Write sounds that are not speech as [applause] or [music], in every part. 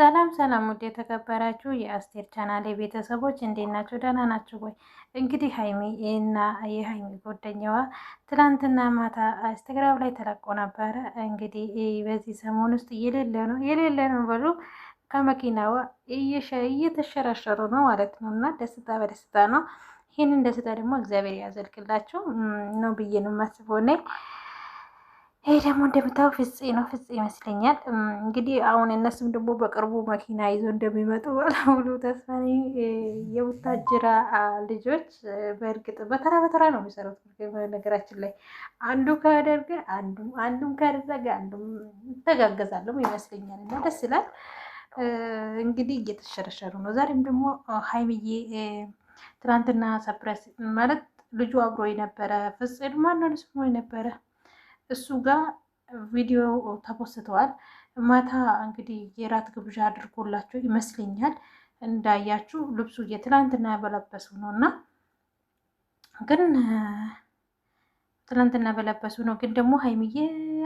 ሰላም ሰላም ውድ የተከበራችሁ የአስቴር ቻናሌ ቤተሰቦች እንዴት ናችሁ? ደህና ናችሁ ወይ? እንግዲህ ሀይሚ እና የሀይሚ ጓደኛዋ ትላንትና ማታ ኢንስታግራም ላይ ተለቆ ነበረ። እንግዲህ በዚህ ሰሞን ውስጥ የሌለ ነው የሌለ ነው በሉ ከመኪናዋ እየተሸረሸሩ ነው ማለት ነው። እና ደስታ በደስታ ነው። ይህንን ደስታ ደግሞ እግዚአብሔር ያዘልቅላችሁ ነው ብዬ ነው የማስበው እኔ ይሄ ደግሞ እንደምታው ፍጽ ነው። ፍጽ ይመስለኛል እንግዲህ አሁን እነሱም ደግሞ በቅርቡ መኪና ይዞ እንደሚመጡ ባለሙሉ ተስፋ ነኝ። የቡታጅራ ልጆች በእርግጥ በተራ በተራ ነው የሚሰሩት። ነገራችን ላይ አንዱ ካደርገ አንዱም ካደረገ አንዱም ይተጋገዛለም ይመስለኛል እና ደስ ይላል። እንግዲህ እየተሸረሸሩ ነው። ዛሬም ደግሞ ሀይምዬ ትናንትና ሰፕረስ ማለት ልጁ አብሮ የነበረ ፍጽ ማን ነው ስሞ የነበረ እሱ ጋር ቪዲዮ ተፖስተዋል። ማታ እንግዲህ የራት ግብዣ አድርጎላቸው ይመስለኛል። እንዳያችሁ ልብሱ የትላንትና በለበሱ ነው እና ግን ትላንትና በለበሱ ነው ግን ደግሞ ሀይሚዬ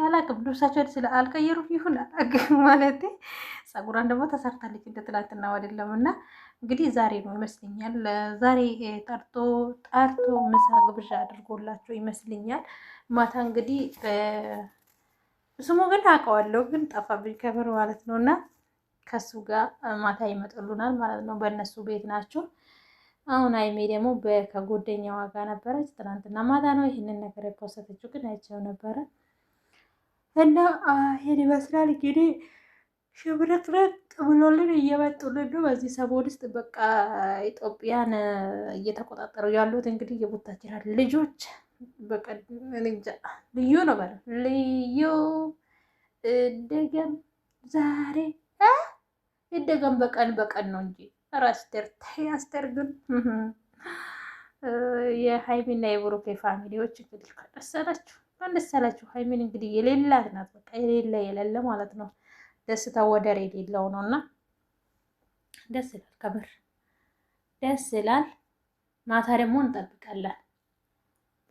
አላቅም ልብሳቸው ስለ አልቀየሩ ይሁን አላቅም [laughs] ማለት ፀጉሯን ደግሞ ተሰርታለች እንደ ትላንትና አይደለም እና እንግዲህ ዛሬ ነው ይመስለኛል። ዛሬ ጠርቶ ጠርቶ ምሳ ግብዣ አድርጎላቸው ይመስለኛል። ማታ እንግዲህ ስሙ ግን አውቀዋለሁ ግን ጠፋብኝ ከብር ማለት ነው። እና ከሱ ጋር ማታ ይመጡልናል ማለት ነው። በእነሱ ቤት ናቸው። አሁን አይሜ ደግሞ ከጓደኛዋ ጋር ነበረች። ትናንትና ማታ ነው ይህንን ነገር የፖሰተችው፣ ግን አይቼው ነበረ እና ይሄን ይመስላል እንግዲህ ሽብርቅርቅ ብሎልን እየመጡልን ነው። በዚህ ሰሞን ውስጥ በቃ ኢትዮጵያን እየተቆጣጠሩ ያሉት እንግዲህ የቡታጅራ ልጆች በቃ ልዩ ነው ማለት ልዩ እንደገም ዛሬ እንደገም በቀን በቀን ነው እንጂ ኧረ አስተር ግን የሀይሚና የብሩኬ ፋሚሊዎች እንግዲህ ከደሰላችሁ ከደሰላችሁ ሀይሚን እንግዲህ የሌላት ናት በቃ የሌለ የሌለ ማለት ነው። ደስታ ወደር የሌለው ነው እና ደስ ይላል፣ ከምር ደስ ይላል። ማታ ደግሞ እንጠብቃለን።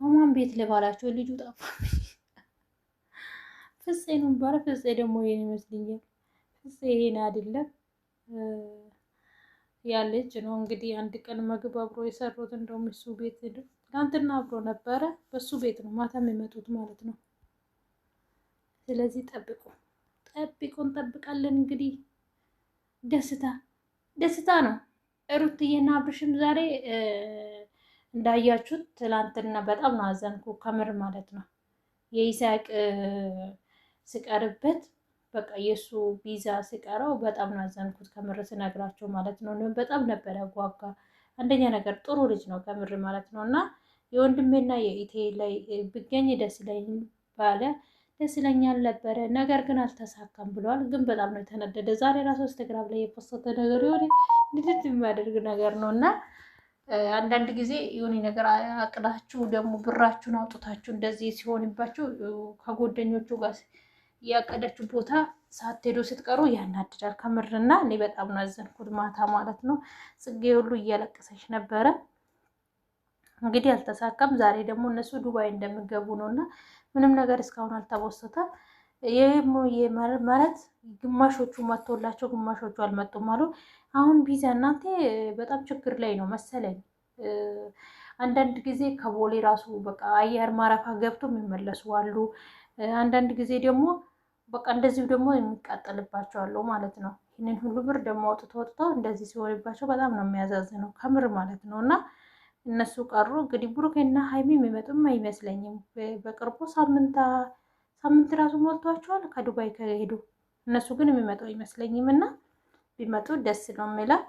በማን ቤት ልባላቸው ልጁ ጠፋ። ፍፄ ነው የሚባለው። ፍፄ ደግሞ ይሄን ይመስልኛል። ፍፄ ይሄን አይደለም ያለች ነው እንግዲህ አንድ ቀን ምግብ አብሮ የሰሩት እንደውም እሱ ቤት ትናንትና አብሮ ነበረ። በሱ ቤት ነው ማታም የሚመጡት ማለት ነው። ስለዚህ ጠብቁ። ጠብቆ እንጠብቃለን። እንግዲህ ደስታ ደስታ ነው። እሩትዬና አብርሽም ዛሬ እንዳያችሁት ትላንትና በጣም ነው አዘንኩ፣ ከምር ማለት ነው። የይስሐቅ ስቀርበት በቃ የእሱ ቪዛ ስቀረው በጣም ነው አዘንኩት፣ ከምር ስነግራቸው ማለት ነው። በጣም ነበረ ጓጓ። አንደኛ ነገር ጥሩ ልጅ ነው ከምር ማለት ነው። እና የወንድሜና የኢቴ ላይ ብገኝ ደስ ይለኝ ባለ ደስ ይለኛል ነበረ፣ ነገር ግን አልተሳካም ብለዋል። ግን በጣም ነው የተነደደ። ዛሬ ራሱ ኢንስታግራም ላይ የፖስተ ነገር የሆነ ንድድ የሚያደርግ ነገር ነው እና አንዳንድ ጊዜ የሆነ ነገር አቅዳችሁ ደግሞ ብራችሁን አውጥታችሁ እንደዚህ ሲሆንባችሁ ከጎደኞቹ ጋር ያቀደችው ቦታ ሳትሄዱ ስትቀሩ ያናድዳል ከምርና። እኔ በጣም ነው ያዘንኩት ማታ ማለት ነው። ጽጌ ሁሉ እያለቀሰች ነበረ። እንግዲህ አልተሳካም። ዛሬ ደግሞ እነሱ ዱባይ እንደሚገቡ ነው እና ምንም ነገር እስካሁን አልተቦሰተም። ይህም ማለት ግማሾቹ መጥቶላቸው ግማሾቹ አልመጡም አሉ። አሁን ቢዛ እናንተ በጣም ችግር ላይ ነው መሰለኝ። አንዳንድ ጊዜ ከቦሌ ራሱ በቃ አየር ማረፋ ገብቶ የሚመለሱ አሉ። አንዳንድ ጊዜ ደግሞ በቃ እንደዚሁ ደግሞ የሚቃጠልባቸው አለው ማለት ነው። ይህንን ሁሉ ብር ደግሞ አውጥቶ ወጥቶ እንደዚህ ሲሆንባቸው በጣም ነው ነው ከምር ማለት ነው እና እነሱ ቀሩ። እንግዲህ ብሩኬና ሀይሚ የሚመጡም አይመስለኝም። በቅርቡ ሳምንት ሳምንት ራሱ ሞልቷቸዋል ከዱባይ ከሄዱ። እነሱ ግን የሚመጡ አይመስለኝም እና ቢመጡ ደስ ነው የሚለው።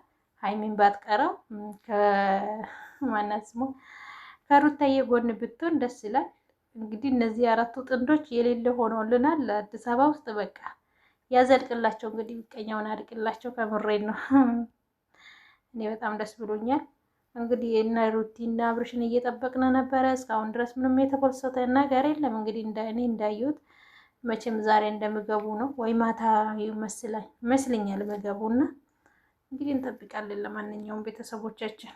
ሀይሚን ባትቀረው ከማናት ስሙ ከሩታዬ ጎን ብትሆን ደስ ይላል። እንግዲህ እነዚህ አራቱ ጥንዶች የሌለ ሆኖልናል። አዲስ አበባ ውስጥ በቃ ያዘልቅላቸው እንግዲህ ቀኛውን አድቅላቸው። ከምሬን ነው እኔ በጣም ደስ ብሎኛል። እንግዲህ እና ሩቲና እና አብርሽን እየጠበቅን ነበረ። እስካሁን ድረስ ምንም የተፈሰተ ነገር የለም። እንግዲህ እኔ እንዳየሁት መቼም ዛሬ እንደምገቡ ነው ወይ ማታ ይመስላል ይመስለኛል መገቡና እንግዲህ እንጠብቃለን። ለማንኛውም ቤተሰቦቻችን